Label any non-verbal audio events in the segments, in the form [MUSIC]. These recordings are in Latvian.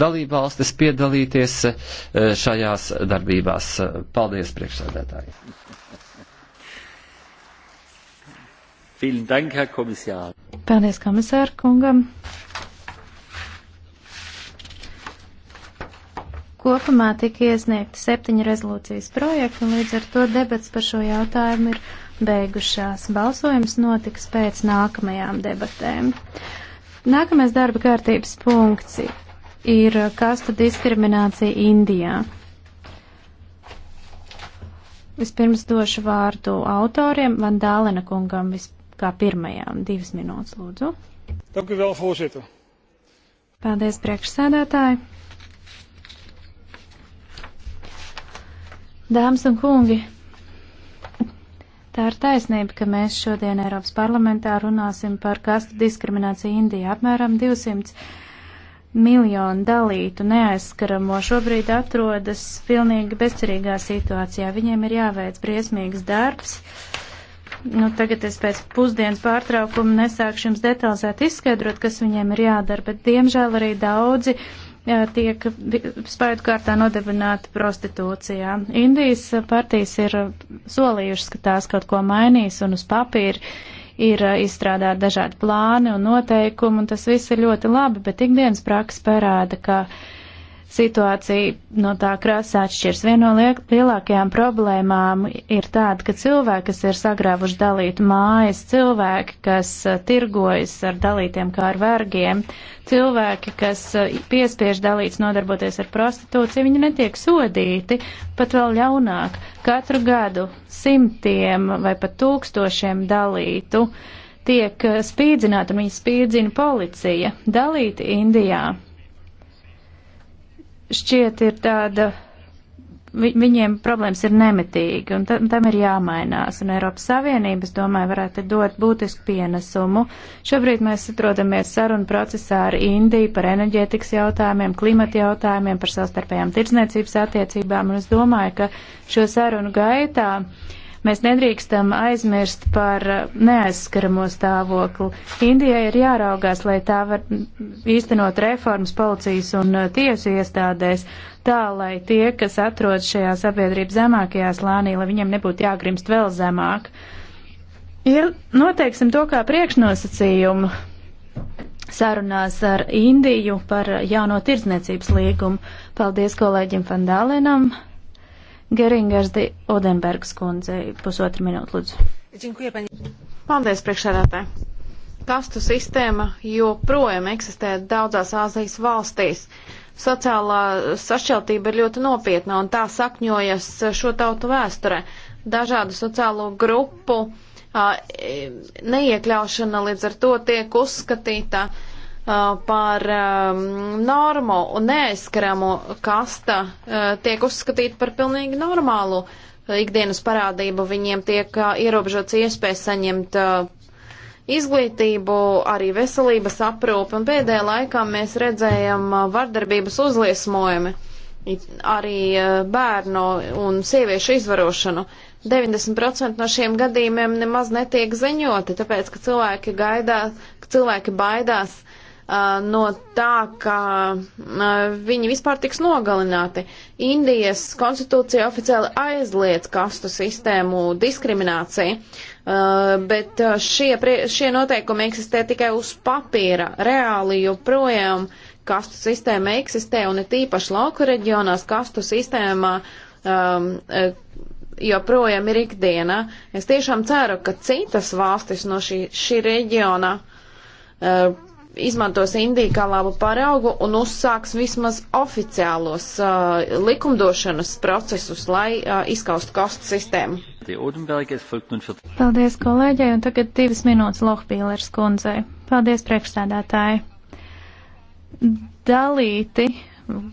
dalībvalstis piedalīties eh, šajās darbībās. Paldies, priekšsēdētāji! Paldies komisāru kungam! Kopumā tika iesniegti septiņi rezolūcijas projekti, un līdz ar to debats par šo jautājumu ir beigušās. Balsojums notiks pēc nākamajām debatēm. Nākamais darba kārtības punkts ir kasta diskriminācija Indijā. Vispirms došu vārdu autoriem, Van Dālena kungam vis, kā pirmajām. Divas minūtes, lūdzu. Dank u wel, voorzitter. Paldies, priekšsēdētāji. Dāmas un kungi, tā ir taisnība, ka mēs šodien Eiropas parlamentā runāsim par kastu diskrimināciju Indijā. Apmēram 200 miljonu dalītu neaizskaramo šobrīd atrodas pilnīgi bezcerīgā situācijā. Viņiem ir jāveic briesmīgs darbs. Nu, tagad es pēc pusdienas pārtraukuma nesākšu jums detalizēt izskaidrot, kas viņiem ir jādara, bet diemžēl arī daudzi jā, tiek spēju kārtā nodevināti prostitūcijā. Indijas partijas ir solījušas, ka tās kaut ko mainīs un uz papīra ir eh, izstrādāti dažādi plāni un noteikumi, un tas viss ir ļoti labi, bet ikdienas praksa parāda, ka situācija no tā krasa atšķirs. Viena no lielākajām problēmām ir tāda, ka cilvēki, kas ir sagrāvuši dalītu mājas, cilvēki, kas uh, tirgojas ar dalītiem kā ar vergiem, cilvēki, kas uh, piespiež dalīts nodarboties ar prostitūciju, viņi netiek sodīti, pat vēl ļaunāk. Katru gadu simtiem vai pat tūkstošiem dalītu tiek uh, spīdzināti, un viņi spīdzina policija. Dalīti Indijā šķiet ir tāda, vi, viņiem problēmas ir nemitīgi, un tam, tam ir jāmainās, un Eiropas Savienības, domāju, varētu dot būtisku pienesumu. Šobrīd mēs atrodamies sarunu procesā ar Indiju par enerģētikas jautājumiem, klimata jautājumiem, par savstarpējām tirdzniecības attiecībām, un es domāju, ka šo sarunu gaitā uh, Mēs nedrīkstam aizmirst par neaizskaramo stāvokli. Indijai ir jāraugās, lai tā var īstenot reformas policijas un uh, tiesu iestādēs, tā lai tie, kas atrodas šajā sabiedrības zemākajā slānī, lai viņiem nebūtu jāgrimst vēl zemāk. Ir noteiksim to kā priekšnosacījumu sarunās ar Indiju par jauno tirdzniecības līgumu. Paldies kolēģim Fandālenam. Geringers de Odenbergs kundzei pusotru minūtu lūdzu. Paldies, priekšsēdētāji. Kastu sistēma joprojām eksistē daudzās Āzijas valstīs. Sociālā sašķeltība ir ļoti nopietna un tā sakņojas šo tautu vēsturē. Dažādu sociālo grupu uh, neiekļaušana līdz ar to tiek uzskatīta uh, par um, normu un neaizskaramu kasta uh, tiek uzskatīta par pilnīgi normālu ikdienas parādību. Viņiem tiek uh, ierobežots iespējas saņemt uh, izglītību, arī veselības aprūpi, un pēdējā laikā mēs redzējam uh, vardarbības uzliesmojumi, arī uh, bērnu un sieviešu izvarošanu. 90% no šiem gadījumiem nemaz netiek ziņoti, tāpēc, ka cilvēki gaidā, ka cilvēki baidās uh, Uh, no tā, ka uh, viņi vispār tiks nogalināti. Indijas konstitūcija oficiāli aizliedz kastu sistēmu diskrimināciju, uh, bet šie, šie noteikumi eksistē tikai uz papīra. Reāli joprojām kastu sistēma eksistē un ir tīpaši lauku reģionās kastu sistēmā. Um, joprojām ir ikdiena. Es tiešām ceru, ka citas valstis no šī, šī reģiona uh, izmantos Indiju kā labu paraugu un uzsāks vismaz oficiālos uh, likumdošanas procesus, lai uh, izskaustu kostu sistēmu. Paldies kolēģei, un tagad divas minūtes Lohpīlers kundzei. Paldies priekšstādātāji. Dalīti,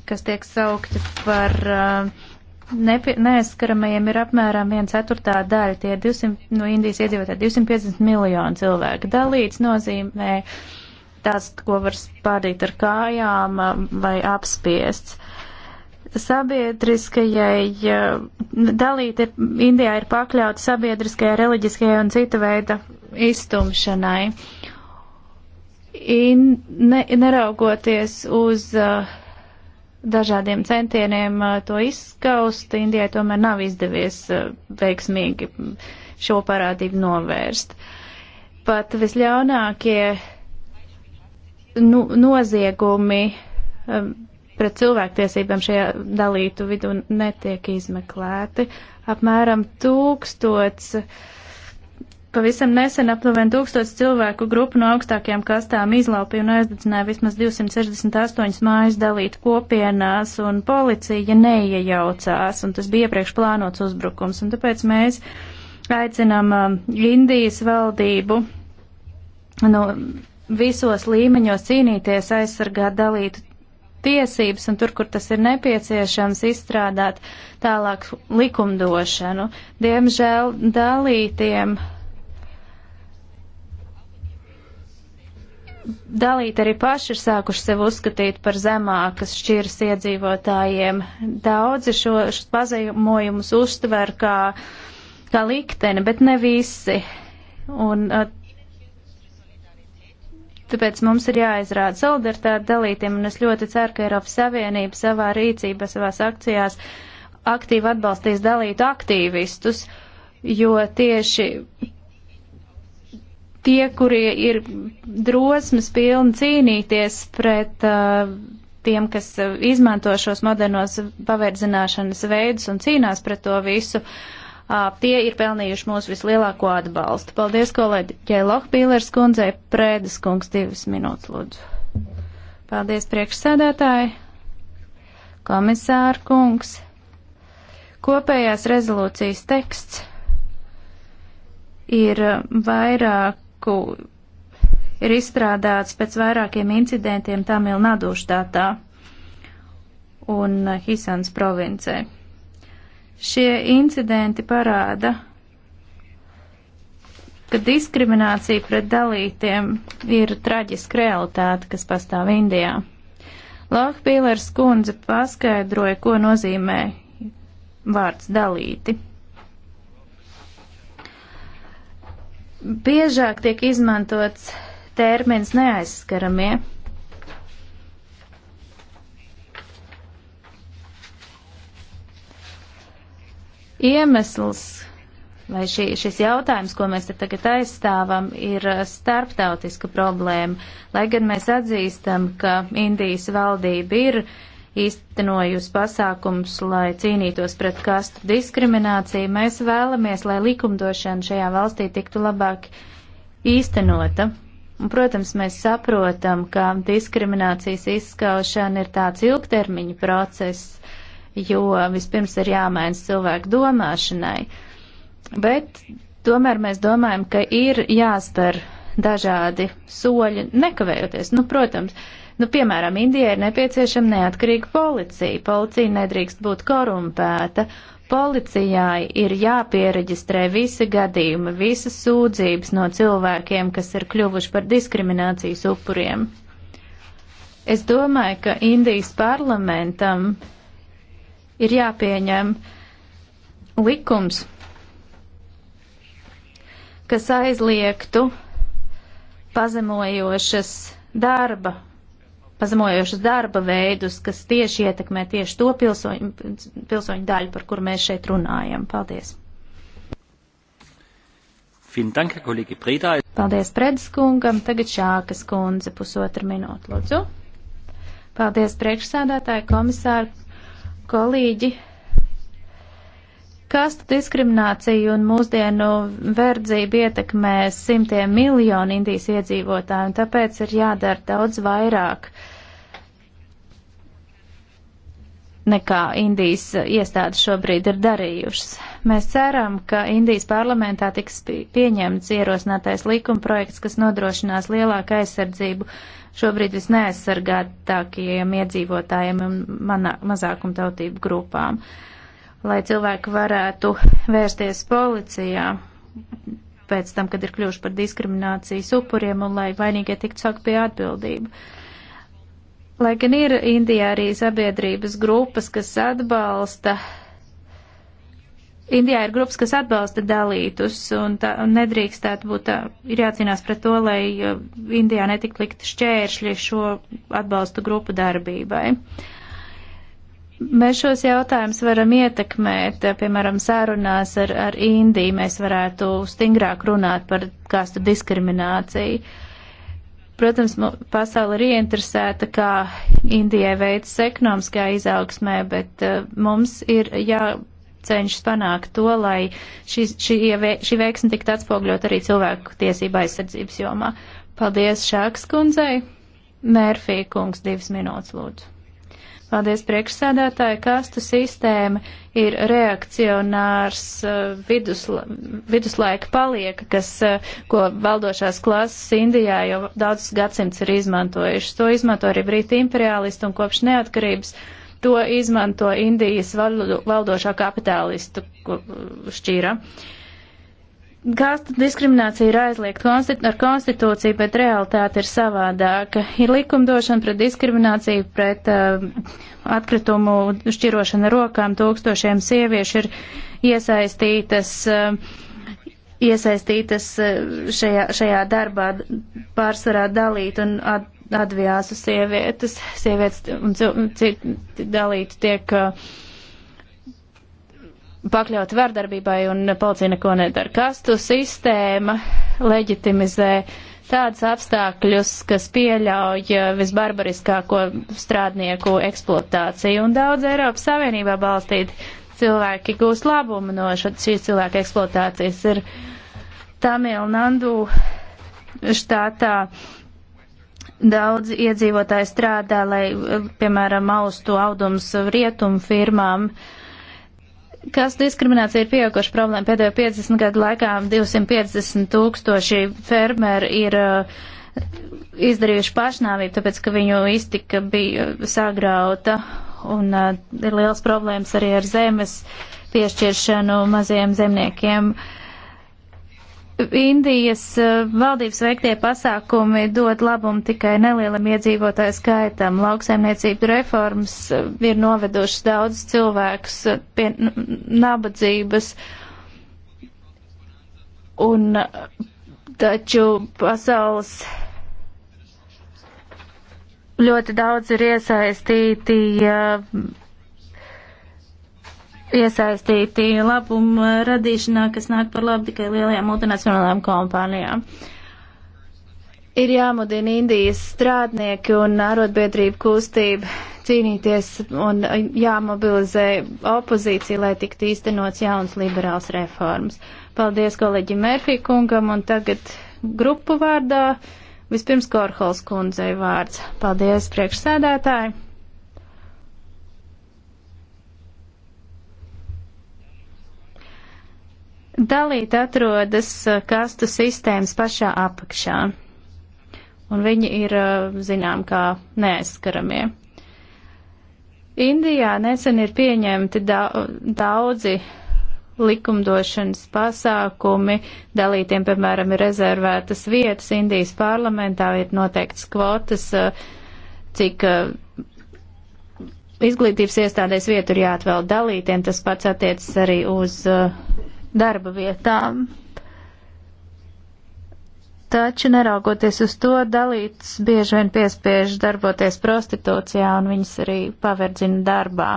kas tiek saukti par. Uh, neaizskaramajiem ir apmēram 1 ceturtā daļa, tie 200, no Indijas iedzīvotāji 250 miljonu cilvēku. Dalīts nozīmē tās, ko var spādīt ar kājām um, vai apspiest. Sabiedriskajai uh, dalīt ir, Indijā ir pakļauta sabiedriskajai, reliģiskajai un cita veida iztumšanai. In, ne, neraugoties uz uh, dažādiem centieniem uh, to izskaust, Indijai tomēr nav izdevies uh, veiksmīgi šo parādību novērst. Pat visļaunākie nu, noziegumi um, pret cilvēktiesībām šajā dalītu vidu netiek izmeklēti. Apmēram tūkstots, pavisam nesen aptuveni tūkstots cilvēku grupu no augstākajām kastām izlaupīja un aizdedzināja vismaz 268 mājas dalīt kopienās, un policija neiejaucās, un tas bija iepriekš plānots uzbrukums, un tāpēc mēs aicinām um, Indijas valdību. Nu, visos līmeņos cīnīties, aizsargāt dalītu tiesības un tur, kur tas ir nepieciešams, izstrādāt tālāk likumdošanu. Diemžēl dalītiem dalīt arī paši ir sākuši sev uzskatīt par zemākas šķiras iedzīvotājiem. Daudzi šo, šo pazemojumus uztver kā, kā likteni, bet ne visi. Un uh, Tāpēc mums ir jāizrāda solidaritāte dalītiem, un es ļoti ceru, ka Eiropas Savienība savā rīcībā, savās akcijās aktīvi atbalstīs dalītu aktīvistus, jo tieši tie, kurie ir drosmes pilni cīnīties pret uh, tiem, kas uh, izmanto šos modernos paverdzināšanas veidus un cīnās pret to visu, uh, tie ir pelnījuši mūsu vislielāko atbalstu. Paldies kolēģei Lohbīlers kundzei, Prēdes kungs divas minūtes lūdzu. Paldies priekšsēdētāji, komisāra kungs. Kopējās rezolūcijas teksts ir vairāku, ir izstrādāts pēc vairākiem incidentiem Tamilnadu štatā un Hisans provincē. Šie incidenti parāda, ka diskriminācija pret dalītiem ir traģiska realitāte, kas pastāv Indijā. Lohpīlers kundze paskaidroja, ko nozīmē vārds dalīti. Biežāk tiek izmantots termins neaizskaramie. iemesls, vai šī, šis jautājums, ko mēs te tagad aizstāvam, ir uh, starptautiska problēma. Lai gan mēs atzīstam, ka Indijas valdība ir īstenojusi pasākums, lai cīnītos pret kastu diskrimināciju, mēs vēlamies, lai likumdošana šajā valstī tiktu labāk īstenota. Un, protams, mēs saprotam, ka diskriminācijas izskaušana ir tāds ilgtermiņa process, jo vispirms ir jāmaina cilvēku domāšanai. Bet tomēr mēs domājam, ka ir jāspēr dažādi soļi, nekavējoties. Nu, protams, nu, piemēram, Indijai ir nepieciešama neatkarīga policija. Policija nedrīkst būt korumpēta. Policijai ir jāpiereģistrē visi gadījumi, visas sūdzības no cilvēkiem, kas ir kļuvuši par diskriminācijas upuriem. Es domāju, ka Indijas parlamentam ir jāpieņem likums, kas aizliegtu pazemojošas darba, pazemojošas darba veidus, kas tieši ietekmē tieši to pilsoņu, pilsoņu daļu, par kur mēs šeit runājam. Paldies! Dank, Paldies Predskungam, tagad Šākas kundze pusotru minūtu, lūdzu. Paldies priekšsādātāju komisāru kolīģi, kasta diskriminācija un mūsdienu verdzība ietekmē simtiem miljonu Indijas iedzīvotāju, un tāpēc ir jādara daudz vairāk nekā Indijas iestādes šobrīd ir darījušas. Mēs ceram, ka Indijas parlamentā tiks pieņemts ierosinātais likumprojekts, kas nodrošinās lielāku aizsardzību šobrīd visneaizsargātākajiem iedzīvotājiem un manā, mazākumtautību grupām, lai cilvēki varētu vērsties policijā pēc tam, kad ir kļuvuši par diskriminācijas upuriem un lai vainīgie tiktu sakt pie atbildību. Lai gan ir Indijā arī sabiedrības grupas, kas atbalsta uh, Indijā ir grupas, kas atbalsta dalītus, un tā nedrīkstētu būt tā, ir jācīnās pret to, lai Indijā netiktu likt šķēršļi šo atbalstu grupu darbībai. Mēs šos jautājumus varam ietekmēt, piemēram, sārunās ar, ar Indiju, mēs varētu stingrāk runāt par kāstu diskrimināciju. Protams, pasauli ir ieinteresēta, kā Indijai veicas ekonomiskā izaugsmē, bet uh, mums ir jā. Ja, cenšas panākt to, lai šī, šī, šī veiksme tiktu atspogļot arī cilvēku tiesību aizsardzības jomā. Paldies Šāks kundzei. Mērfī kungs divas minūtes lūdzu. Paldies priekšsēdētāji, kastu sistēma ir reakcionārs eh, vidusla, viduslaika palieka, kas, eh, ko valdošās klases Indijā jau daudzus gadsimts ir izmantojuši. To izmanto arī brīti imperialisti un kopš neatkarības to izmanto Indijas valdošā kapitālistu šķīra. Gasta diskriminācija ir aizliegta konstit ar konstitūciju, bet realitāte ir savādāka. Ir likumdošana pret diskrimināciju, pret uh, atkritumu šķirošanu rokām. Tūkstošiem sieviešu ir iesaistītas. Uh, iesaistītas uh, šajā, šajā darbā pārsvarā dalīt un at, Advijāsu sievietes, sievietes un citi dalīti tiek uh, pakļaut vardarbībai un policija neko nedara. Kastu sistēma leģitimizē tādus apstākļus, kas pieļauj uh, visbarbariskāko strādnieku eksploatāciju, un daudz Eiropas Savienībā balstīti cilvēki gūs labumu no šīs cilvēka eksploatācijas. Ir Tamil Nandu štātā Daudz iedzīvotāji strādā, lai, piemēram, austu audums rietumu firmām. Kas diskriminācija ir pieauguša problēma? Pēdējo 50 gadu laikā 250 tūkstoši fermeri ir uh, izdarījuši pašnāvību, tāpēc, ka viņu iztika bija sagrauta un uh, ir liels problēmas arī ar zemes piešķiršanu maziem zemniekiem. Uh, Indijas eh, valdības veiktie pasākumi dod labumu tikai nelielam iedzīvotāju skaitam. Lauksaimniecību reformas eh, ir novedušas daudz cilvēkus eh, pie nabadzības. Un taču pasaules ļoti daudz ir iesaistīti. Uh, iesaistīti labuma radīšanā, kas nāk par labu tikai lielajām multinacionālajām kompānijām. Ir jāmudina Indijas strādnieki un arotbiedrību kustība cīnīties un jāmobilizē opozīcija, lai tiktu īstenots jauns liberāls reformas. Paldies kolēģi Mērfī kungam un tagad grupu vārdā vispirms Korhols kundzei vārds. Paldies priekšsēdētāji! dalīti atrodas eh, kastu sistēmas pašā apakšā, un viņi ir, eh, zinām, kā neaizskaramie. Indijā nesen ir pieņemti daudzi likumdošanas pasākumi, dalītiem, piemēram, ir rezervētas vietas Indijas parlamentā, ir noteikts kvotas, eh, cik izglītības iestādēs vietu ir jāatvēl dalītiem, tas pats attiecas arī uz uh, darba vietām. Taču neraugoties uz to, dalīts bieži vien piespiež darboties prostitūcijā un viņas arī paverdzina darbā.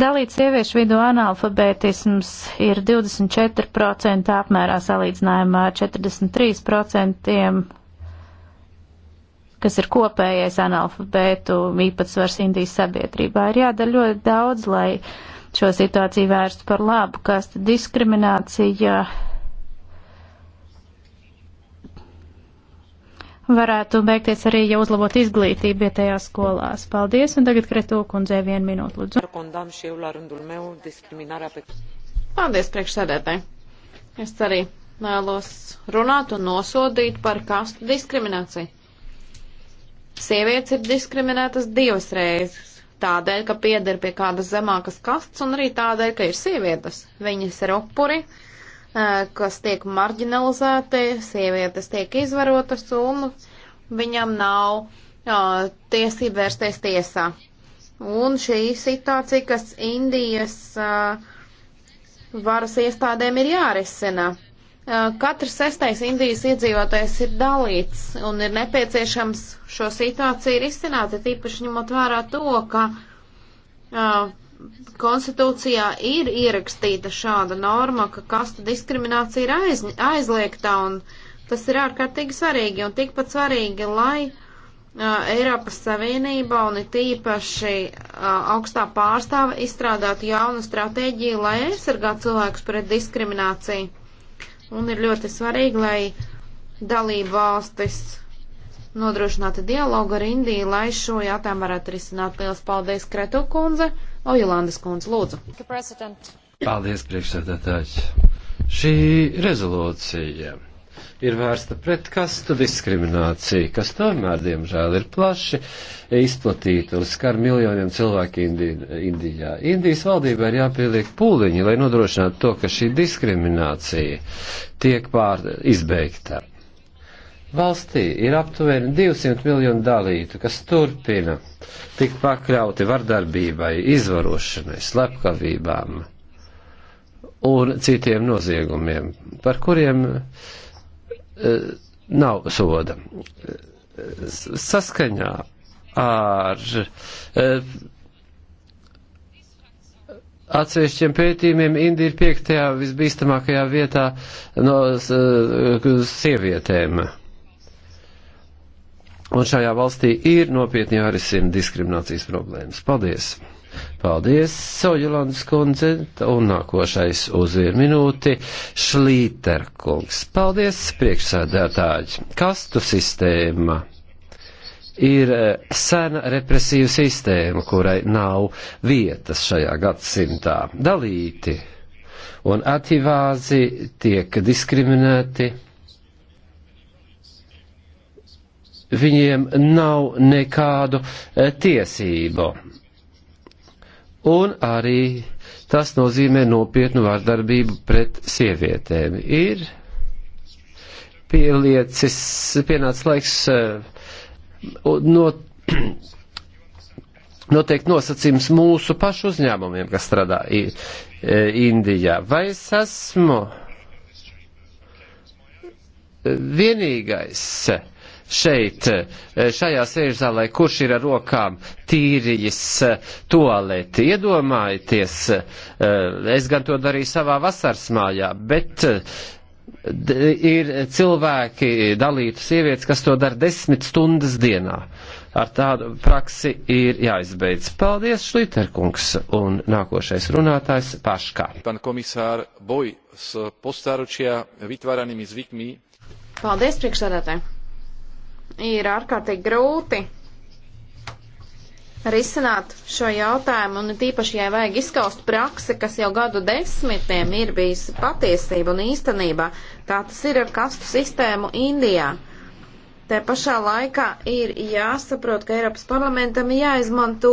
Dalīts sieviešu vidū analfabētisms ir 24% apmērā salīdzinājumā ar 43%, kas ir kopējais analfabētu īpatsvars Indijas sabiedrībā. Ir jādara ļoti daudz, lai uh, šo situāciju vērst par labu, kas diskriminācija varētu beigties arī, ja uzlabot izglītību vietējā skolās. Paldies, un tagad Kreto kundzei vienu minūtu, lūdzu. Paldies, priekšsēdētāji. Es arī vēlos runāt un nosodīt par kastu diskrimināciju. Sievietes ir diskriminētas divas reizes tādēļ, ka pieder pie kādas zemākas kastes un arī tādēļ, ka ir sievietes. Viņas ir upuri, eh, kas tiek marginalizēti, sievietes tiek izvarotas un viņam nav uh, tiesība vērsties tiesā. Un šī situācija, kas Indijas uh, varas iestādēm ir jārisina. Katrs sestais Indijas iedzīvotājs ir dalīts un ir nepieciešams šo situāciju risināt, ir īpaši ņemot vērā to, ka uh, konstitūcijā ir ierakstīta šāda norma, ka kasta diskriminācija ir aiz, aizliegta un tas ir ārkārtīgi svarīgi un tikpat svarīgi, lai uh, Eiropas Savienība un it īpaši uh, augstā pārstāve izstrādātu jaunu stratēģiju, lai aizsargātu cilvēkus pret diskrimināciju un ir ļoti svarīgi, lai dalību valstis nodrošinātu dialogu ar Indiju, lai šo jautājumu varētu risināt. Lielas paldies, Kretu kundze, Ojolandes kundze, lūdzu. Paldies, priekšsēdētājs. Šī rezolūcija ir vērsta pret kastu diskrimināciju, kas tomēr, diemžēl, ir plaši izplatīta un skar miljoniem cilvēku Indi Indijā. Indijas valdībai ir jāpieliek pūliņi, lai nodrošinātu to, ka šī diskriminācija tiek pār izbeigta. Valstī ir aptuveni 200 miljonu dalītu, kas turpina tik pakļauti vardarbībai, izvarošanai, slepkavībām un citiem noziegumiem, par kuriem uh, Eh, nav soda. Eh, saskaņā ar eh, atsevišķiem pētījumiem Indija ir piektajā visbīstamākajā vietā no sievietēm. Un šajā valstī ir nopietni jārisina diskriminācijas problēmas. Paldies! Paldies, Sojulandes kundze, un nākošais uz vienu minūti - Šlīterkungs. Paldies, priekšsēdētāji. Kastu sistēma ir e, sena represīva sistēma, kurai nav vietas šajā gadsimtā. Dalīti un ativāzi tiek diskriminēti. Viņiem nav nekādu e, tiesību un arī tas nozīmē nopietnu vārdarbību pret sievietēm. Ir pieliecis, pienācis laiks eh, no, [CLEARS THROAT] noteikt nosacījums mūsu pašu uzņēmumiem, kas strādā eh, Indijā. Vai es esmu eh, vienīgais? šeit, e, šajā sēžzālē, kurš ir ar rokām tīrījis e, toaleti. Iedomājieties, e, es gan to darīju savā vasaras mājā, bet ir cilvēki, dalītu sievietes, kas to dara desmit stundas dienā. Ar tādu praksi ir jāizbeidz. Paldies, Šliterkungs, un nākošais runātājs Paškā. Pan komisār, boj s postāručajā vytváranými zvykmi. Paldies, priekšsēdētāji ir ārkārtīgi grūti risināt šo jautājumu, un tīpaši, ja vajag izskaust praksi, kas jau gadu desmitiem ir bijusi patiesība un īstenībā, tā tas ir ar kastu sistēmu Indijā. Te pašā laikā ir jāsaprot, ka Eiropas parlamentam jāizmanto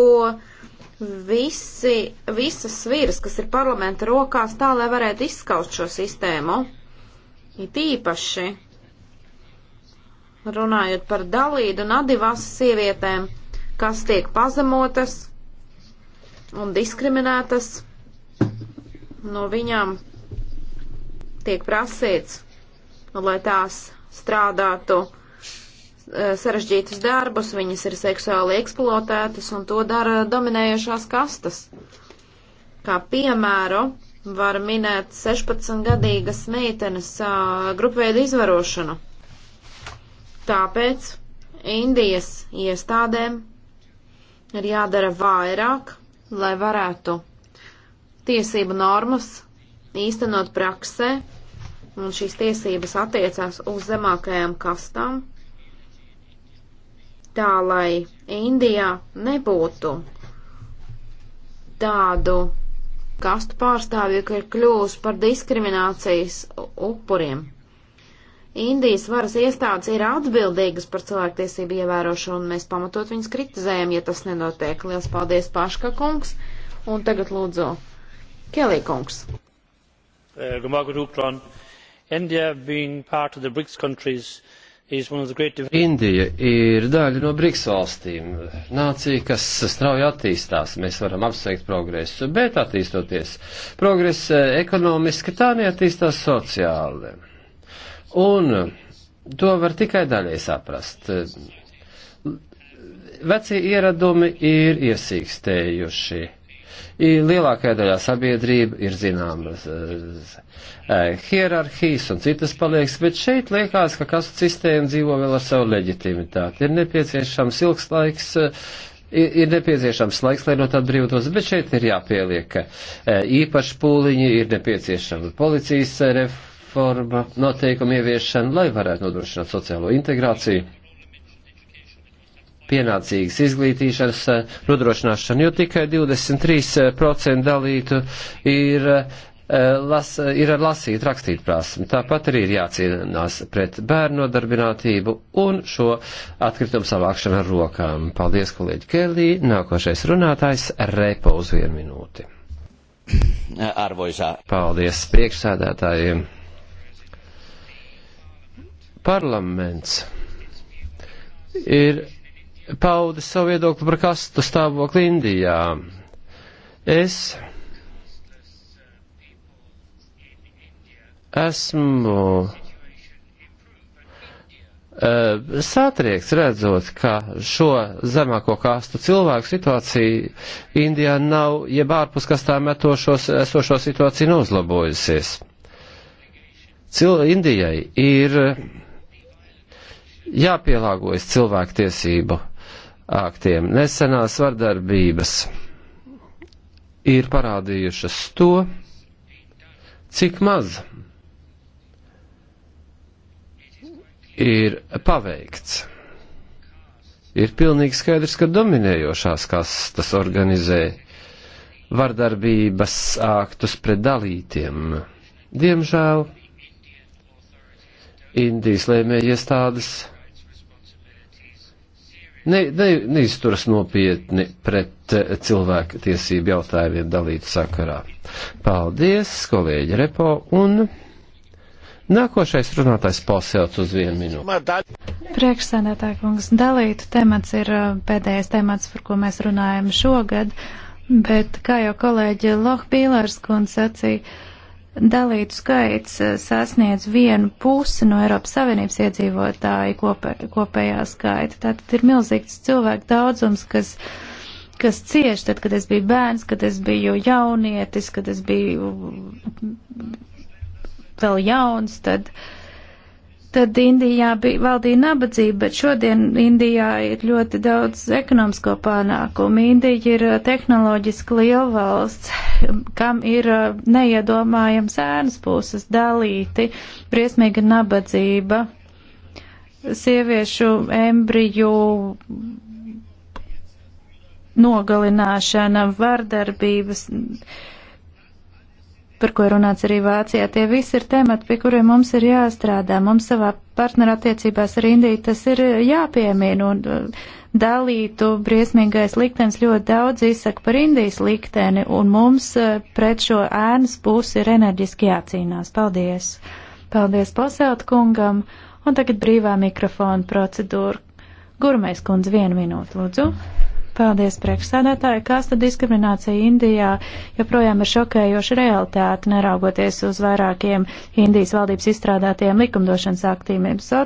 visi, visas sviras, kas ir parlamenta rokās, tā, lai varētu izskaust šo sistēmu. Ir tīpaši runājot par dalīdu un adivas sievietēm, kas tiek pazemotas un diskriminētas, no viņām tiek prasīts, nu, lai tās strādātu e, sarežģītus darbus, viņas ir seksuāli eksploatētas un to dara dominējošās kastas. Kā piemēru var minēt 16-gadīgas meitenes grupveidu izvarošanu. Tāpēc Indijas iestādēm ir jādara vairāk, lai varētu tiesību normas īstenot praksē, un šīs tiesības attiecās uz zemākajām kastām, tā lai Indijā nebūtu tādu kastu pārstāvju, ka ir kļūst par diskriminācijas upuriem. Indijas varas iestādes ir atbildīgas par cilvēktiesību ievērošanu, un mēs pamatot viņas kritizējam, ja tas nenotiek. Lielas paldies, Paška kungs, un tagad lūdzu Kelī kungs. Eh, Indija ir daļa no BRICS valstīm, nācija, kas strauji attīstās, mēs varam apsveikt progresu, bet attīstoties progresa eh, ekonomiski tā neattīstās sociāli Un to var tikai daļai saprast. Vecie ieradumi ir iesīkstējuši. Lielākajā daļā sabiedrība ir zināmas eh, eh, hierarhijas un citas paliekas, bet šeit liekas, ka kasu sistēma dzīvo vēl ar savu leģitimitāti. Ir nepieciešams ilgs laiks eh, ir, ir nepieciešams laiks, lai no tā atbrīvotos, bet šeit ir jāpieliek īpaši pūliņi, ir nepieciešama policijas ref, reforma, noteikumu ieviešana, lai varētu nodrošināt sociālo integrāciju, pienācīgas izglītīšanas eh, nodrošināšanu, jo tikai 23% eh, dalītu ir, eh, las, ir ar lasīt, rakstīt prasmi. Tāpat arī ir jācīnās pret bērnu nodarbinātību un šo atkritumu savākšanu ar rokām. Paldies, kolēģi Kelī. Nākošais runātājs repa uz vienu minūti. Arvoisā. Paldies priekšsēdētājiem parlaments ir paudis savu viedokli par kastu stāvokli Indijā. Es esmu uh, eh, sātrieks redzot, ka šo zemāko kastu cilvēku situācija Indijā nav, jeb ārpus kastām etošos, esošo situāciju nav uzlabojusies. Cil Indijai ir uh, jāpielāgojas cilvēktiesību aktiem. Nesenās vardarbības ir parādījušas to, cik maz ir paveikts. Ir pilnīgi skaidrs, ka dominējošās kastas organizē vardarbības aktus pret dalītiem. Diemžēl Indijas lēmējiestādes ne, ne, neizturas nopietni pret eh, cilvēku tiesību jautājumiem dalītu sakarā. Paldies, kolēģi Repo, un nākošais runātājs pasēlts uz vienu minūti. Priekšsēdētāja kungs, dalītu temats ir eh, pēdējais temats, par ko mēs runājam šogad, bet, kā jau kolēģi Lohbīlārs kundze sacīja, dalītu skaits eh, sasniedz vienu pusi no Eiropas Savienības iedzīvotāju kopē, kopējā skaita. Tātad ir milzīgs cilvēku daudzums, kas, kas cieš, tad, kad es biju bērns, kad es biju jaunietis, kad es biju mm, vēl jauns, tad. Uh, tad Indijā bija valdīja nabadzība, bet šodien Indijā ir ļoti daudz ekonomisko panākumu. Indija ir eh, tehnoloģiski liela valsts, kam ir eh, neiedomājams ēnas puses dalīti, briesmīga nabadzība, sieviešu embriju nogalināšana, vardarbības par ko runāts arī Vācijā. Tie visi ir temati, pie kuriem mums ir jāstrādā. Mums savā partnerattiecībās ar Indiju tas ir jāpiemina. Un uh, dalītu briesmīgais liktenis ļoti daudz izsaka par Indijas likteni, un mums uh, pret šo ēnas pusi ir enerģiski jācīnās. Paldies! Paldies Posēlt kungam! Un tagad brīvā mikrofona procedūra. Gurmais kundze, vienu minūtu, lūdzu. Paldies, priekšsēdētāji. Kasta diskriminācija Indijā joprojām ir šokējoša realitāte, neraugoties uz vairākiem Indijas valdības izstrādātiem likumdošanas aktīviem. So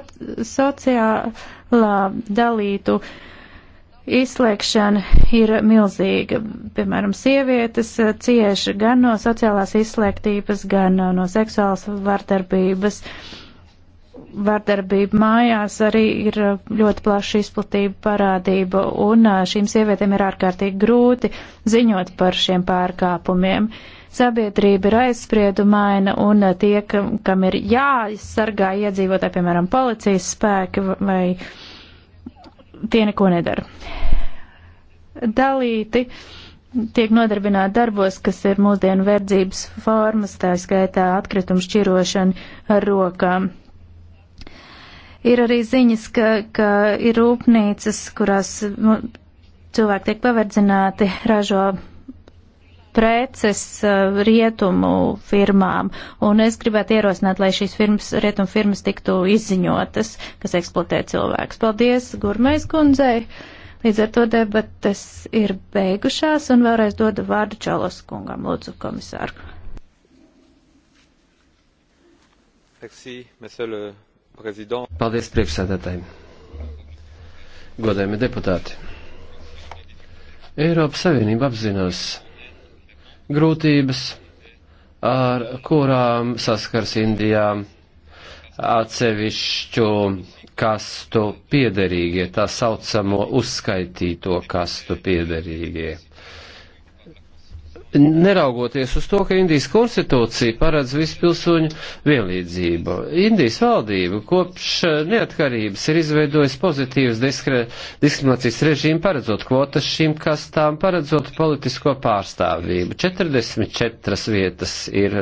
sociālā dalītu izslēgšana ir milzīga. Piemēram, sievietes cieši gan no sociālās izslēgtības, gan no seksuālas vardarbības. Uh, vardarbība mājās arī ir eh, ļoti plaša izplatība parādība, un eh, šīm sievietēm ir ārkārtīgi grūti ziņot par šiem pārkāpumiem. Sabiedrība ir aizspriedumaina, un eh, tie, kam, kam ir jāizsargā iedzīvotāji, piemēram, policijas spēki, vai tie neko nedara. Dalīti tiek nodarbināti darbos, kas ir mūsdienu verdzības formas, tā skaitā atkritumu šķirošana ar rokām Ir arī ziņas, ka, ka ir rūpnīcas, kurās nu, cilvēki tiek paverdzināti, ražo preces eh, rietumu firmām, un es gribētu ierosināt, lai šīs firmas, rietumu firmas tiktu izziņotas, kas eksploatē cilvēkus. Paldies, Gurmais kundzei! Līdz ar to debates ir beigušās, un vēlreiz dodu vārdu Čalos kungam, lūdzu, komisāru. Merci, monsieur le Paldies priekšsēdētājiem. Godējumi deputāti. Eiropas Savienība apzinās grūtības, ar kurām saskars Indijā atsevišķu kastu piederīgie, tā saucamo uzskaitīto kastu piederīgie neraugoties uz to, ka Indijas konstitūcija paredz visu pilsoņu vienlīdzību. Indijas valdība kopš neatkarības ir izveidojusi pozitīvas diskre, diskriminācijas režīmu, paredzot kvotas šīm kastām, paredzot politisko pārstāvību. 44 vietas ir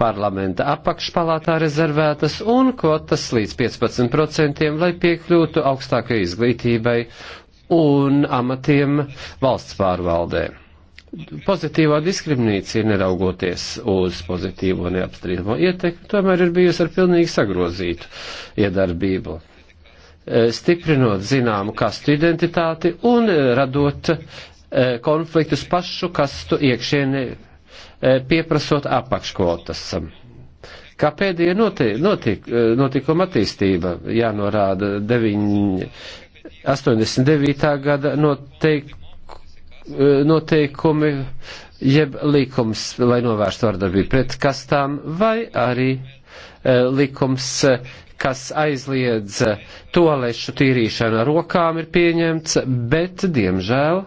parlamenta apakšpalātā rezervētas un kvotas līdz 15%, lai piekļūtu augstākai izglītībai un amatiem valsts pārvaldē pozitīvā diskriminācija, neraugoties uz pozitīvo neapstrīdamo ietekmi, tomēr ir bijusi ar pilnīgi sagrozītu iedarbību, e, stiprinot zināmu kastu identitāti un radot e, konfliktus pašu kastu iekšienē, e, pieprasot apakškvotas. Kā pēdējā notiek, notiek, notikuma attīstība, jānorāda 9, 89. gada noteikti Eh, noteikumi, jeb likums, lai novērstu vardarbību pret kastām, vai arī eh, likums, kas aizliedz toalešu tīrīšanu ar rokām, ir pieņemts, bet, diemžēl,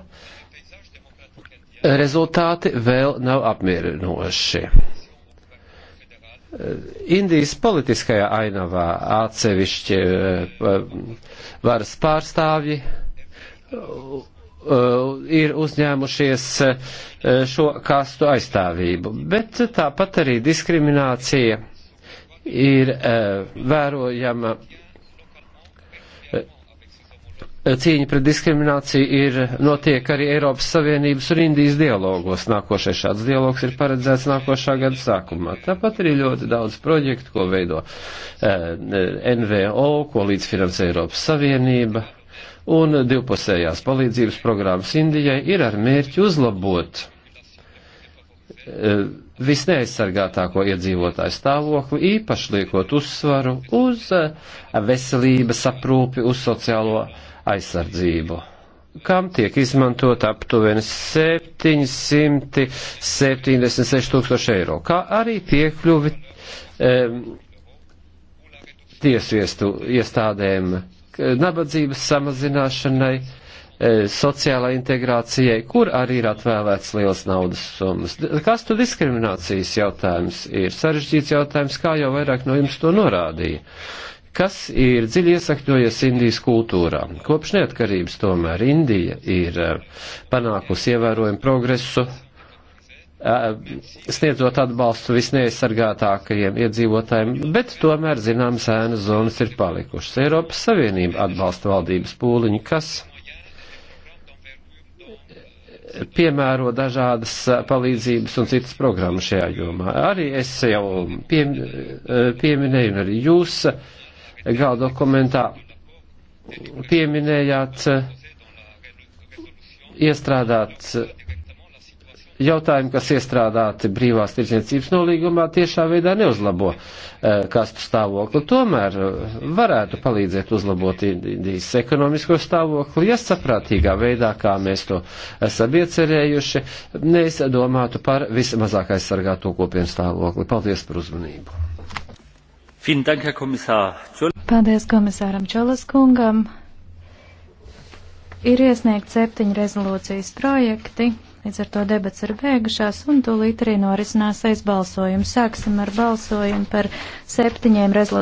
rezultāti vēl nav apmierinoši. Eh, Indijas politiskajā ainavā atsevišķi varas pārstāvji Uh, ir uzņēmušies uh, šo kastu aizstāvību. Bet tāpat arī diskriminācija ir uh, vērojama. Cīņa pret diskrimināciju ir notiek arī Eiropas Savienības un Indijas dialogos. Nākošais šāds dialogs ir paredzēts nākošā gada sākumā. Tāpat arī ļoti daudz projektu, ko veido eh, NVO, ko līdzfinansē Eiropas Savienība. Eh, un divpusējās palīdzības programmas Indijai ir ar mērķi uzlabot e, visneaizsargātāko iedzīvotāju stāvokli, īpaši liekot uzsvaru uz e, veselības aprūpi, uz sociālo aizsardzību kam tiek izmantot aptuveni 776 tūkstoši eiro, kā arī piekļuvi um, tiesu iestādēm Eh, nabadzības samazināšanai, eh, sociālai integrācijai, kur arī ir atvēlēts liels naudas summas. Kas tu diskriminācijas jautājums ir? Sarežģīts jautājums, kā jau vairāk no jums to norādīja kas ir dziļi iesakņojies Indijas kultūrā. Kopš neatkarības tomēr Indija ir eh, panākusi ievērojumu progresu Eh, sniedzot atbalstu visneaizsargātākajiem iedzīvotājiem, bet tomēr zināmas ēnas zonas ir palikušas. Eiropas Savienība atbalsta valdības pūliņu, kas piemēro dažādas eh, palīdzības un citas programmas šajā jomā. Arī es jau pie, eh, pieminēju, un arī jūs gala dokumentā pieminējāt iestrādāt jautājumi, kas iestrādāti brīvās tirdzniecības nolīgumā, tiešā veidā neuzlabo eh, kastu stāvokli. Tomēr eh, varētu palīdzēt uzlabot Indijas ekonomisko stāvokli, ja saprātīgā veidā, kā mēs to esam iecerējuši, mēs domātu par vismazāk aizsargāto kopienu stāvokli. Paldies par uzmanību! Paldies komisāram Čolas kungam! ir iesniegt septiņu rezolūcijas projekti. Līdz ar to debats ir beigušās un tūlīt arī norisinās aizbalsojums. Sāksim ar balsojumu par septiņiem rezolūcijiem.